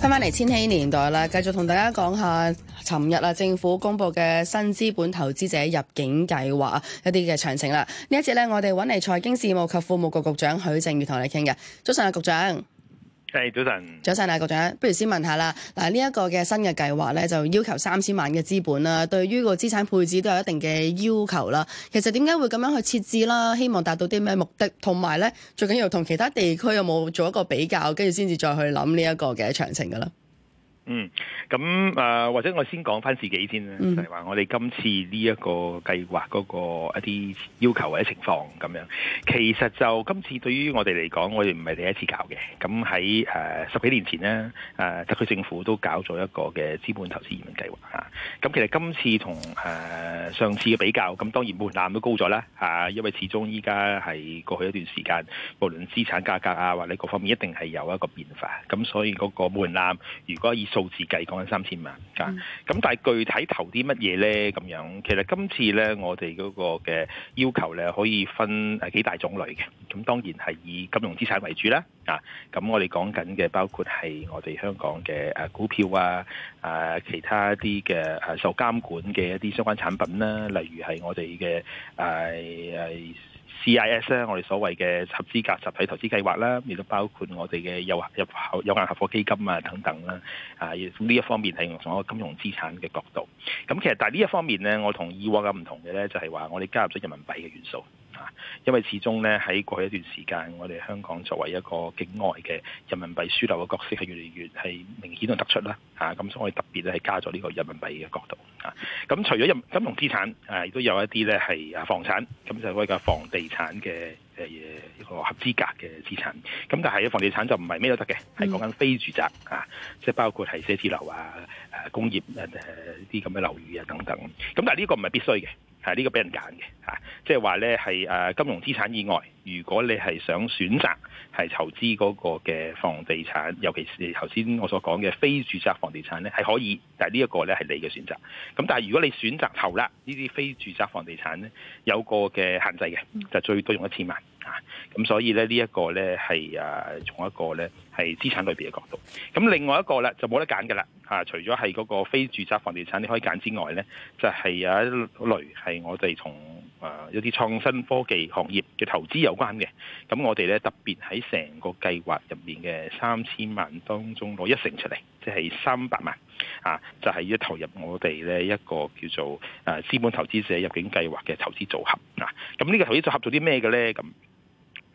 翻返嚟千禧年代啦，繼續同大家講下，尋日啊政府公布嘅新資本投資者入境計劃啊一啲嘅詳情啦。呢一次咧，我哋揾嚟財經事務及庫務局局長許正宇同你傾嘅。早晨啊，局長。早晨，早晨，大局長，不如先問下啦。嗱，呢一個嘅新嘅計劃咧，就要求三千萬嘅資本啦，對於個資產配置都有一定嘅要求啦。其實點解會咁樣去設置啦？希望達到啲咩目的？同埋咧，最緊要同其他地區有冇做一個比較，跟住先至再去諗呢一個嘅詳情噶啦。嗯，咁誒、啊，或者我先講翻自己先啦，就係、是、話我哋今次呢一個計劃嗰個一啲要求或者情況咁樣，其實就今次對於我哋嚟講，我哋唔係第一次搞嘅。咁喺誒十幾年前咧，誒、啊、特區政府都搞咗一個嘅資本投資移民計劃吓，咁、啊、其實今次同誒、啊、上次嘅比較，咁當然門檻都高咗啦吓，因為始終依家係過去一段時間，無論資產價格啊或者各方面一定係有一個變化，咁所以嗰個門檻如果以數字計講緊三千萬，咁、嗯、但係具體投啲乜嘢呢？咁樣，其實今次呢，我哋嗰個嘅要求呢，可以分誒幾大種類嘅。咁當然係以金融資產為主啦。啊，咁我哋講緊嘅包括係我哋香港嘅誒股票啊，誒其他一啲嘅誒受監管嘅一啲相關產品啦，例如係我哋嘅誒誒。啊啊啊 CIS 咧，IS，我哋所謂嘅合資格集體投資計劃啦，亦都包括我哋嘅有限有限合伙基金啊等等啦，啊，呢一方面係從一個金融資產嘅角度。咁其實但係呢一方面咧，我同以往嘅唔同嘅咧，就係話我哋加入咗人民幣嘅元素。因為始終咧喺過去一段時間，我哋香港作為一個境外嘅人民幣輸流嘅角色越越，係越嚟越係明顯去突出啦。嚇，咁所以我哋特別咧係加咗呢個人民幣嘅角度。嚇、啊、咁除咗金金融資產，誒、啊、亦都有一啲咧係啊房產，咁就所謂嘅房地產嘅誒、呃、一個合資格嘅資產。咁但係房地產就唔係咩都得嘅，係講緊非住宅啊，即係包括係寫字樓啊、誒工業誒啲咁嘅樓宇啊這這樓等等。咁、啊、但係呢個唔係必須嘅，係、這、呢個俾人揀嘅。即係話咧，係誒、啊、金融資產以外，如果你係想選擇係投資嗰個嘅房地產，尤其是頭先我所講嘅非住宅房地產咧，係可以，但係呢一個咧係你嘅選擇。咁但係如果你選擇投啦呢啲非住宅房地產咧，有個嘅限制嘅，就最多用一千萬嚇。咁、啊、所以咧呢、這個啊、一個咧係誒從一個咧係資產類別嘅角度。咁、啊、另外一個咧就冇得揀㗎啦嚇，除咗係嗰個非住宅房地產你可以揀之外咧，就係有一類係我哋從誒有啲創新科技行業嘅投資有關嘅，咁我哋咧特別喺成個計劃入面嘅三千萬當中攞一成出嚟，即係三百萬啊，就係、是、要投入我哋呢一個叫做誒、啊、資本投資者入境計劃嘅投資組合啊。咁呢個投資組合做啲咩嘅咧？咁？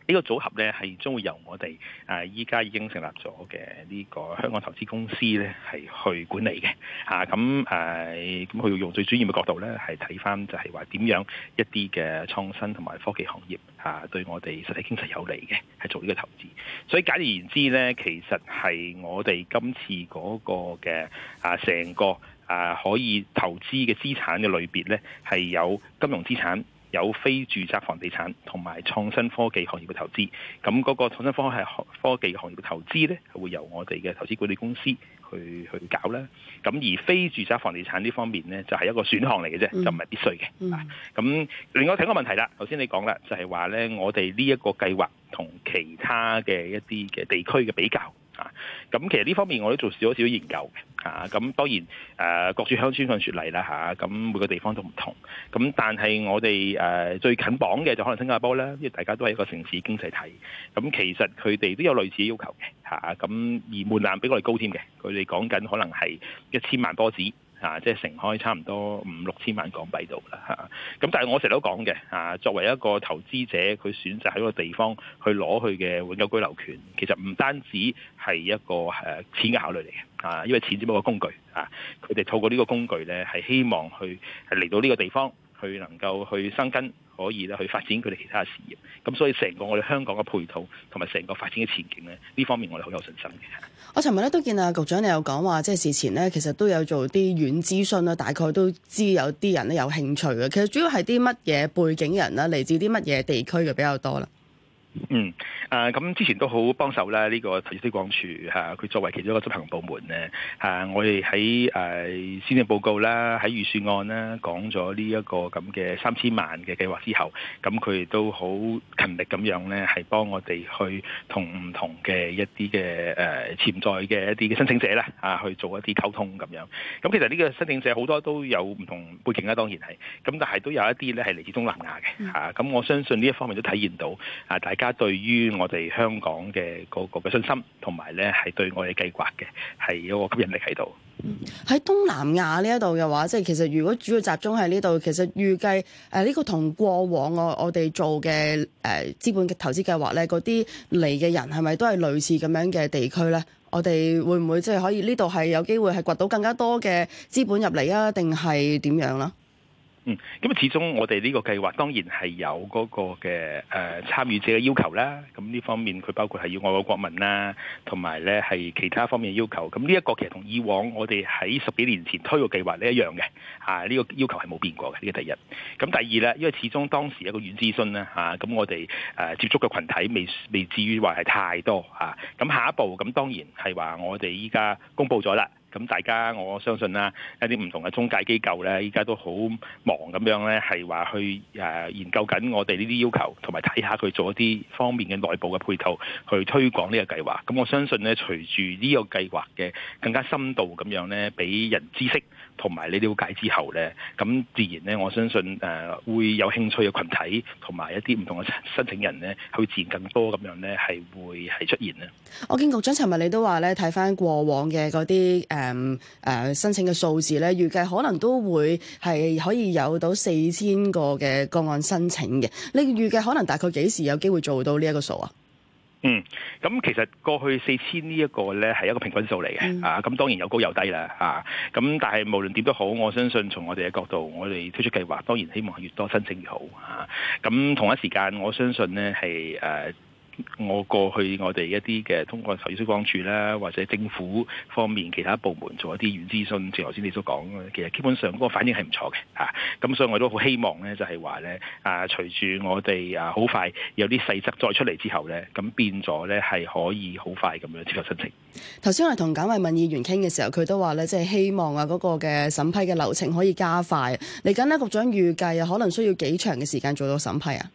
呢個組合呢，係將會由我哋啊依家已經成立咗嘅呢個香港投資公司呢，係去管理嘅。嚇，咁誒，咁佢用最專業嘅角度呢，係睇翻就係話點樣一啲嘅創新同埋科技行業嚇、啊、對我哋實體經濟有利嘅係做呢個投資。所以簡而言之呢，其實係我哋今次嗰個嘅啊成個啊可以投資嘅資產嘅類別呢，係有金融資產。有非住宅房地產同埋創新科技行業嘅投資，咁嗰個創新科係科技行業嘅投資呢，會由我哋嘅投資管理公司去去搞啦。咁而非住宅房地產呢方面呢，就係、是、一個選項嚟嘅啫，就唔係必須嘅。咁、mm hmm. 另外睇個問題啦，頭先你講啦，就係、是、話呢，我哋呢一個計劃同其他嘅一啲嘅地區嘅比較。啊，咁其實呢方面我都做少，少少研究嘅，啊，咁當然誒、啊、各處鄉村各處例啦嚇，咁、啊啊、每個地方都唔同，咁、啊、但係我哋誒、啊、最近榜嘅就可能新加坡啦，因為大家都係一個城市經濟體，咁、啊、其實佢哋都有類似要求嘅，嚇、啊，咁、啊、而門檻比我哋高添嘅，佢哋講緊可能係一千萬坡紙。啊，即係剩開差唔多五六千萬港幣度啦嚇，咁、啊、但係我成日都講嘅啊，作為一個投資者，佢選擇喺個地方去攞佢嘅永久居留權，其實唔單止係一個誒錢嘅考慮嚟嘅啊，因為錢只不過工具啊，佢哋透過呢個工具咧係、啊、希望去嚟到呢個地方。去能夠去生根，可以咧去發展佢哋其他事業。咁所以成個我哋香港嘅配套同埋成個發展嘅前景咧，呢方面我哋好有信心嘅。我尋日咧都見啊，局長你有講話，即係事前咧其實都有做啲軟諮詢啦，大概都知有啲人咧有興趣嘅。其實主要係啲乜嘢背景人啦，嚟自啲乜嘢地區嘅比較多啦？嗯，啊咁之前都好幫手啦，呢個投資推廣署佢作為其中一個執行部門咧，啊我哋喺誒施政報告啦，喺預算案啦講咗呢一個咁嘅三千萬嘅計劃之後，咁佢都好勤力咁樣咧，係幫我哋去同唔同嘅一啲嘅誒潛在嘅一啲嘅申請者咧啊去做一啲溝通咁樣。咁其實呢個申請者好多都有唔同背景啦，當然係，咁但係都有一啲咧係嚟自東南亞嘅嚇，咁我相信呢一方面都體現到啊大家。而家對於我哋香港嘅嗰個嘅信心，同埋咧係對我哋計劃嘅係一個吸引力喺度。喺、嗯、東南亞呢一度嘅話，即係其實如果主要集中喺呢度，其實預計誒呢、呃呢個同過往我我哋做嘅誒、呃、資本投資計劃咧，嗰啲嚟嘅人係咪都係類似咁樣嘅地區咧？我哋會唔會即係可以呢度係有機會係掘到更加多嘅資本入嚟啊？定係點樣啦？嗯，咁始終我哋呢個計劃當然係有嗰個嘅誒參與者嘅要求啦。咁呢方面佢包括係要外國國民啦，同埋咧係其他方面嘅要求。咁呢一個其實同以往我哋喺十幾年前推嘅計劃咧一樣嘅。啊，呢、這個要求係冇變過嘅呢、這個第一。咁第二咧，因為始終當時一個軟諮詢啦。啊，咁我哋誒、啊、接觸嘅群體未未至於話係太多啊。咁下一步咁當然係話我哋依家公布咗啦。咁大家我相信啦，一啲唔同嘅中介機構咧，依家都好忙咁樣咧，係話去誒研究緊我哋呢啲要求，同埋睇下佢做一啲方面嘅內部嘅配套，去推廣呢個計劃。咁我相信咧，隨住呢個計劃嘅更加深度咁樣咧，俾人知悉。同埋你了解之後咧，咁自然咧，我相信誒、呃、會有興趣嘅群體同埋一啲唔同嘅申請人咧，係會自然更多咁樣咧，係會係出現咧。我見局長尋日你都話咧，睇返過往嘅嗰啲誒誒申請嘅數字咧，預計可能都會係可以有到四千個嘅個案申請嘅。你預計可能大概幾時有機會做到呢一個數啊？嗯，咁其實過去四千呢一個呢係一個平均數嚟嘅，嗯、啊，咁當然有高有低啦，啊，咁但係無論點都好，我相信從我哋嘅角度，我哋推出計劃，當然希望越多申請越好，啊，咁、啊、同一時間我相信呢係誒。我過去我哋一啲嘅通過投資推廣署啦，或者政府方面其他部門做一啲原諮詢，正如頭先你所講，其實基本上嗰個反應係唔錯嘅吓。咁、啊、所以我都好希望咧，就係話咧啊，隨住我哋啊好快有啲細則再出嚟之後咧，咁變咗咧係可以好快咁樣接受申請。頭先我係同簡慧敏議員傾嘅時候，佢都話咧，即、就、係、是、希望啊嗰個嘅審批嘅流程可以加快。嚟緊呢，局長預計啊，可能需要幾長嘅時間做到審批啊？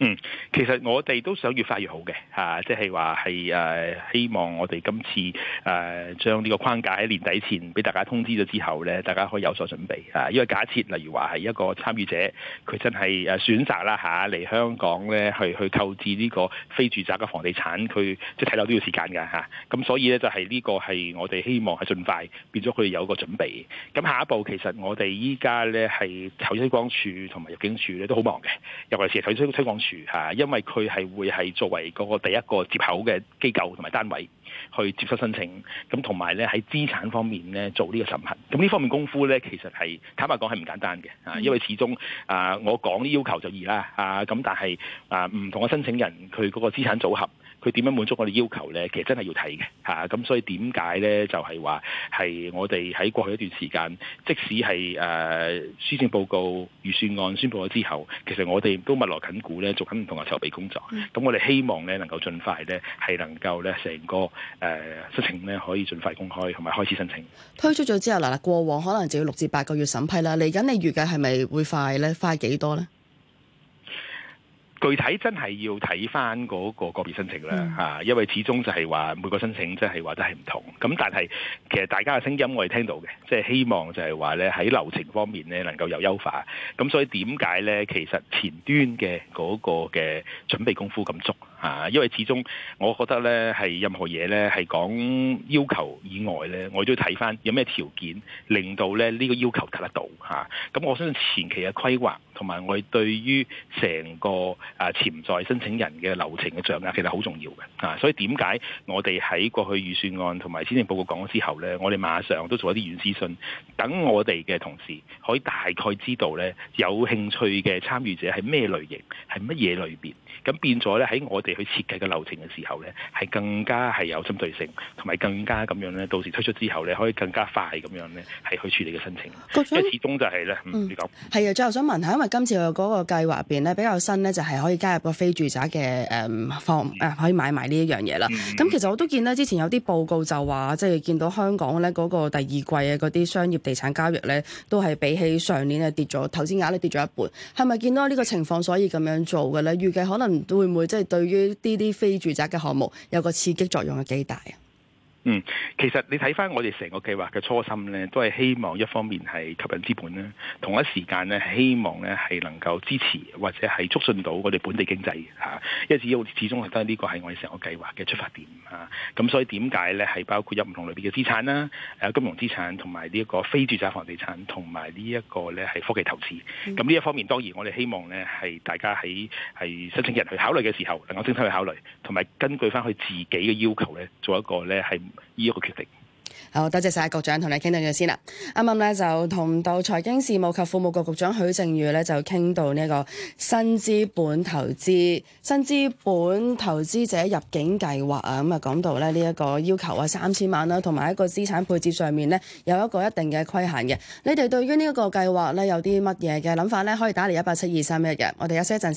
嗯，其實我哋都想越快越好嘅嚇，即係話係誒希望我哋今次誒將呢個框架喺年底前俾大家通知咗之後咧，大家可以有所準備嚇、啊。因為假設例如話係一個參與者，佢真係誒選擇啦嚇嚟香港咧，去去購置呢個非住宅嘅房地產，佢即係睇樓都要時間㗎嚇。咁、啊、所以咧就係、是、呢個係我哋希望係盡快變咗佢有個準備。咁下一步其實我哋依家咧係投資推廣處同埋入境處咧都好忙嘅，尤其是係投資推廣處。住嚇，因為佢係會係作為嗰個第一個接口嘅機構同埋單位，去接收申請，咁同埋咧喺資產方面咧做呢個審核，咁呢方面功夫咧其實係坦白講係唔簡單嘅，啊，因為始終啊、呃，我講啲要求就易啦，啊，咁但係啊唔同嘅申請人佢嗰個資產組合，佢點樣滿足我哋要求咧，其實真係要睇嘅，嚇、啊，咁所以點解咧就係話係我哋喺過去一段時間，即使係誒、呃、施政報告預算案宣佈咗之後，其實我哋都密鑼緊鼓咧做緊唔同嘅籌備工作，咁、嗯、我哋希望咧能夠盡快咧係能夠咧成個。誒申請咧可以盡快公開，同埋開始申請推出咗之後，嗱嗱，過往可能就要六至八個月審批啦。嚟緊你預計係咪會快咧？快幾多咧？具體真係要睇翻嗰個個別申請啦，嚇、嗯就是啊，因為始終就係話每個申請即係話都係唔同。咁但係其實大家嘅聲音我哋聽到嘅，即係希望就係話咧喺流程方面咧能夠有優化。咁所以點解咧其實前端嘅嗰個嘅準備功夫咁足嚇？因為始終我覺得咧係任何嘢咧係講要求以外咧，我都睇翻有咩條件令到咧呢、這個要求達得到嚇。咁、啊、我相信前期嘅規劃。同埋我哋對於成個啊潛在申請人嘅流程嘅掌握其實好重要嘅啊，所以點解我哋喺過去預算案同埋施政報告講咗之後咧，我哋馬上都做一啲軟諮詢，等我哋嘅同事可以大概知道咧，有興趣嘅參與者係咩類型，係乜嘢類別，咁變咗咧喺我哋去設計嘅流程嘅時候咧，係更加係有針對性，同埋更加咁樣咧，到時推出之後咧，可以更加快咁樣咧，係去處理嘅申請。種因為始終就係、是、咧，嗯、你講係啊，最後想問下，今次佢嗰個計劃入邊咧比較新咧，就係可以加入個非住宅嘅誒、嗯、房誒、啊，可以買埋呢一樣嘢啦。咁、mm hmm. 其實我都見咧，之前有啲報告就話，即係見到香港咧嗰個第二季嘅嗰啲商業地產交易咧，都係比起上年咧跌咗，投資額咧跌咗一半。係咪見到呢個情況，所以咁樣做嘅咧？預計可能會唔會即係對於呢啲非住宅嘅項目有個刺激作用係幾大啊？嗯，其實你睇翻我哋成個計劃嘅初心咧，都係希望一方面係吸引資本咧，同一時間咧希望咧係能夠支持或者係促進到我哋本地經濟嘅、啊、因為始終始終覺得呢個係我哋成個計劃嘅出發點啊。咁所以點解咧係包括有唔同類別嘅資產啦，誒、啊、金融資產同埋呢一個非住宅房地產同埋呢一個咧係科技投資。咁呢、嗯、一方面當然我哋希望咧係大家喺係申請人去考慮嘅時候能夠清晰去考慮，同埋根據翻佢自己嘅要求咧做一個咧係。呢個決定，好多謝晒。局長同你傾到呢度先啦。啱啱咧就同到財經事務及庫務局局，局長許正宇咧就傾到呢個新資本投資、新資本投資者入境計劃啊。咁啊講到咧呢一個要求啊三千萬啦，同埋一個資產配置上面咧有一個一定嘅規限嘅。你哋對於呢一個計劃咧有啲乜嘢嘅諗法咧？可以打嚟一八七二三一嘅。我哋休息一陣先。